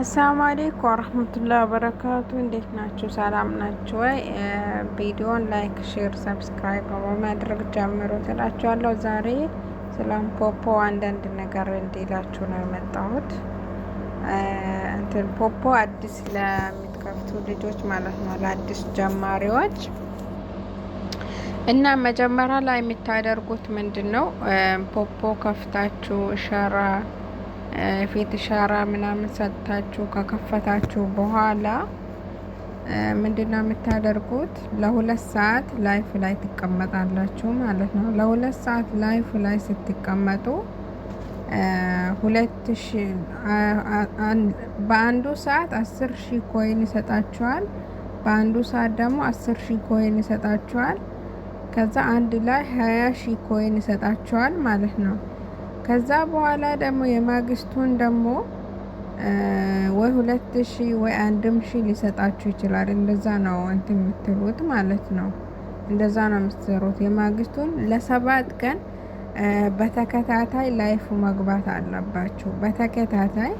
አሰላሙ አለይኩም ወረህመቱላሂ ወበረካቱ። እንዴት ናችሁ? ሰላም ናችሁ ወይ? ቪዲዮን ላይክ፣ ሼር፣ ሰብስክራይብ በማድረግ ጀምሮ ትላችኋለሁ። ዛሬ ስለ ፖፖ አንዳንድ ነገር እንዲላችሁ ነው የመጣሁት። እንትን ፖፖ አዲስ ለሚትከፍቱ ልጆች ማለት ነው፣ ለአዲስ ጀማሪዎች እና መጀመሪያ ላይ የምታደርጉት ምንድን ነው ፖፖ ከፍታችሁ ሸራ ፊት ሻራ ምናምን ሰጥታችሁ ከከፈታችሁ በኋላ ምንድነው የምታደርጉት? ለሁለት ሰዓት ላይፍ ላይ ትቀመጣላችሁ ማለት ነው። ለሁለት ሰዓት ላይፍ ላይ ስትቀመጡ ሁለት በአንዱ ሰዓት አስር ሺህ ኮይን ይሰጣችኋል። በአንዱ ሰዓት ደግሞ አስር ሺህ ኮይን ይሰጣችኋል። ከዛ አንድ ላይ ሀያ ሺህ ኮይን ይሰጣችኋል ማለት ነው። ከዛ በኋላ ደግሞ የማግስቱን ደግሞ ወይ ሁለት ሺ ወይ አንድም ሺ ሊሰጣችሁ ይችላል። እንደዛ ነው እንትን የምትሉት ማለት ነው። እንደዛ ነው የምትሰሩት። የማግስቱን ለሰባት ቀን በተከታታይ ላይፉ መግባት አለባችሁ። በተከታታይ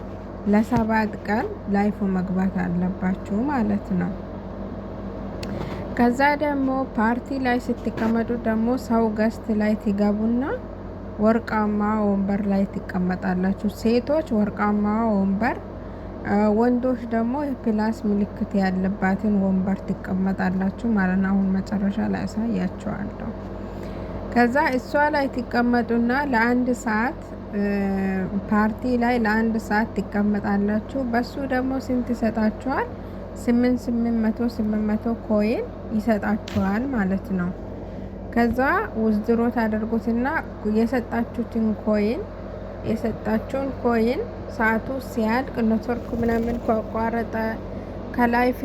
ለሰባት ቀን ላይፉ መግባት አለባችሁ ማለት ነው። ከዛ ደግሞ ፓርቲ ላይ ስትቀመጡ ደግሞ ሰው ገስት ላይ ትገቡና ወርቃማ ወንበር ላይ ትቀመጣላችሁ። ሴቶች ወርቃማ ወንበር፣ ወንዶች ደግሞ የፕላስ ምልክት ያለባትን ወንበር ትቀመጣላችሁ ማለት ነው። አሁን መጨረሻ ላይ ያሳያችኋለሁ። ከዛ እሷ ላይ ትቀመጡና ለአንድ ሰዓት ፓርቲ ላይ ለአንድ ሰዓት ትቀመጣላችሁ። በሱ ደግሞ ስንት ይሰጣችኋል? ስምንት ስምንት መቶ ስምንት መቶ ኮይን ይሰጣችኋል ማለት ነው። ከዛ ውዝድሮ ታደርጉትና የሰጣችሁትን ኮይን የሰጣችሁን ኮይን ሰዓቱ ሲያድቅ ኔትወርክ ምናምን ከቋረጠ ከላይፍ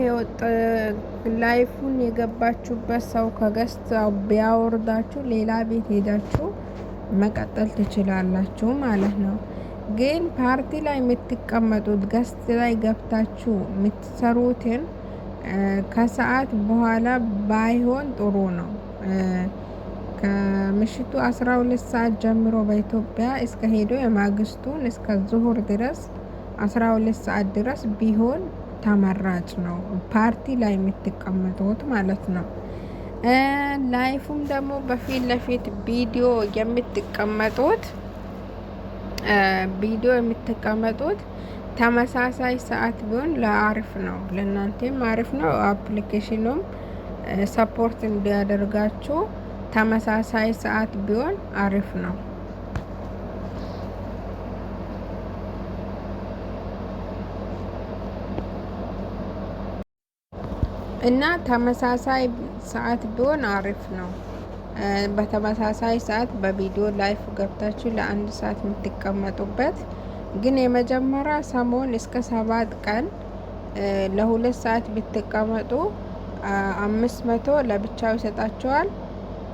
ላይፉን የገባችሁበት ሰው ከገስት ቢያወርዳችሁ ሌላ ቤት ሄዳችሁ መቀጠል ትችላላችሁ ማለት ነው። ግን ፓርቲ ላይ የምትቀመጡት ገስት ላይ ገብታችሁ የምትሰሩትን ከሰዓት በኋላ ባይሆን ጥሩ ነው። ከምሽቱ 12 ሰዓት ጀምሮ በኢትዮጵያ እስከ ሄዶ የማግስቱን እስከ ዙሁር ድረስ 12 ሰዓት ድረስ ቢሆን ተመራጭ ነው። ፓርቲ ላይ የምትቀመጡት ማለት ነው። ላይፉም ደግሞ በፊት ለፊት ቪዲዮ የምትቀመጡት ቪዲዮ የምትቀመጡት ተመሳሳይ ሰዓት ቢሆን ለአሪፍ ነው፣ ለእናንተም አሪፍ ነው። አፕሊኬሽኑም ሰፖርት እንዲያደርጋችሁ ተመሳሳይ ሰዓት ቢሆን አሪፍ ነው። እና ተመሳሳይ ሰዓት ቢሆን አሪፍ ነው። በተመሳሳይ ሰዓት በቪዲዮ ላይፍ ገብታችሁ ለአንድ ሰዓት የምትቀመጡበት ግን የመጀመሪያ ሰሞን እስከ ሰባት ቀን ለሁለት ሰዓት ብትቀመጡ አምስት መቶ ለብቻው ይሰጣችኋል።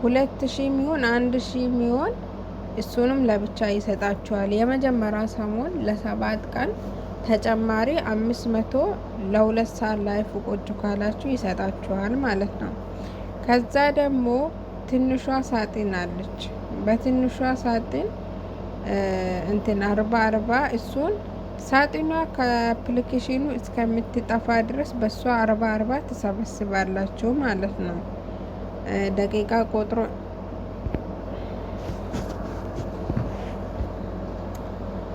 ሁለት ሺ ሚሆን አንድ ሺ ሚሆን እሱንም ለብቻ ይሰጣችኋል። የመጀመሪያ ሰሞን ለሰባት ቀን ተጨማሪ አምስት መቶ ለሁለት ሰዓት ላይ ፉቆቹ ካላችሁ ይሰጣችኋል ማለት ነው። ከዛ ደግሞ ትንሿ ሳጥን አለች። በትንሿ ሳጥን እንትን አርባ አርባ እሱን ሳጥኗ ከአፕሊኬሽኑ እስከምትጠፋ ድረስ በእሷ አርባ አርባ ትሰበስባላችሁ ማለት ነው። ደቂቃ ቆጥሮ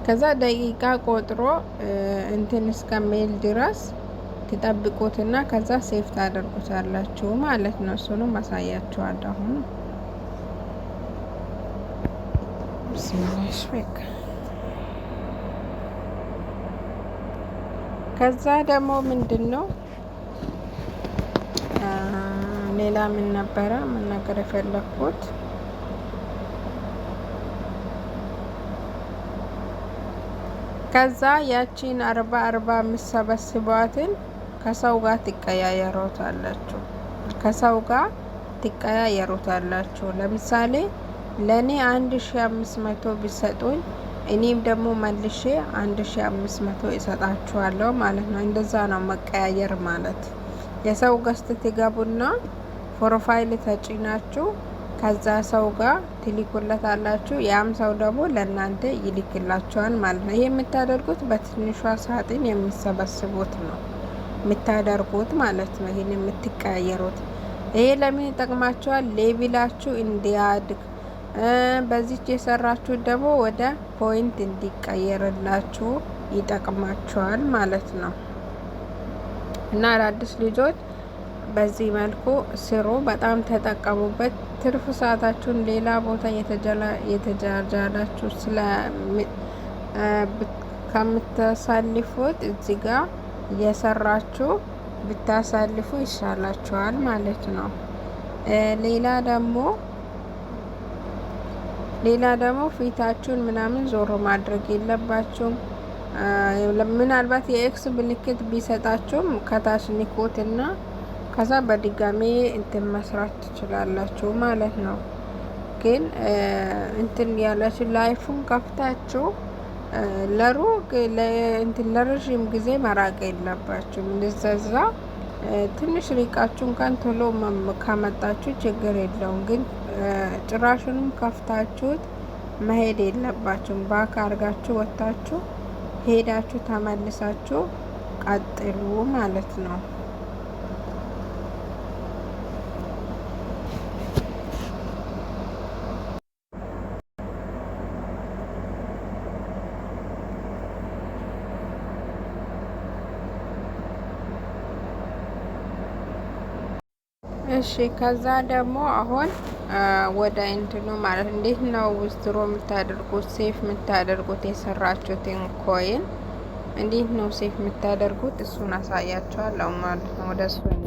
ከዛ ደቂቃ ቆጥሮ እንትን እስከሚል ድረስ ትጠብቁትና ከዛ ሴፍ ታደርጉታላችሁ ማለት ነው። እሱንም አሳያችኋለሁ አሁን ከዛ ደግሞ ምንድን ነው ሌላ ምን ነበረ መናገር የፈለግኩት? ከዛ ያቺን አርባ አርባ የምሰበስቧትን ከሰው ጋር ትቀያየሩታላችሁ። ከሰው ጋር ትቀያየሩታላችሁ ለምሳሌ ለእኔ አንድ ሺ አምስት መቶ ቢሰጡኝ እኔም ደግሞ መልሼ አንድ ሺ አምስት መቶ ይሰጣችኋለሁ ማለት ነው። እንደዛ ነው መቀያየር ማለት። የሰው ገስት ትገቡና ፕሮፋይል ተጭናችሁ ከዛ ሰው ጋር ትልኩለት አላችሁ። ያም ሰው ደግሞ ለእናንተ ይልክላችኋል ማለት ነው። ይህ የምታደርጉት በትንሿ ሳጥን የሚሰበስቡት ነው የምታደርጉት ማለት ነው። ይህን የምትቀያየሩት። ይሄ ለምን ይጠቅማችኋል? ሌቢላችሁ እንዲያድግ በዚች የሰራችሁት ደግሞ ወደ ፖይንት እንዲቀየርላችሁ ይጠቅማችኋል ማለት ነው። እና አዳዲስ ልጆች በዚህ መልኩ ስሩ፣ በጣም ተጠቀሙበት። ትርፍ ሰዓታችሁን ሌላ ቦታ የተጃጃላችሁ ስለ ከምታሳልፉት እዚህ ጋር እየሰራችሁ ብታሳልፉ ይሻላችኋል ማለት ነው። ሌላ ደግሞ ሌላ ደግሞ ፊታችሁን ምናምን ዞሮ ማድረግ የለባችሁም። ምናልባት የኤክስ ምልክት ቢሰጣችሁም ከታች ኒኮት እና ከዛ በድጋሜ እንትን መስራት ትችላላችሁ ማለት ነው። ግን እንትን ያላችሁ ላይፉን ከፍታችሁ ለሩ ለረዥም ጊዜ መራቅ የለባችሁም እንደዛ ትንሽ ሪቃችሁ እንኳን ቶሎ ካመጣችሁ ችግር የለውም። ግን ጭራሹንም ከፍታችሁት መሄድ የለባችሁም። ባክ አርጋችሁ ወጥታችሁ ሄዳችሁ ተመልሳችሁ ቀጥሉ ማለት ነው። እሺ ከዛ ደግሞ አሁን ወደ እንትኑ ማለት እንዴት ነው ዊዝድሮ የምታደርጉት? ሴፍ የምታደርጉት የሰራችሁትን ኮይን እንዴት ነው ሴፍ የምታደርጉት? እሱን አሳያችኋለሁ ማለት ነው ወደ እሱ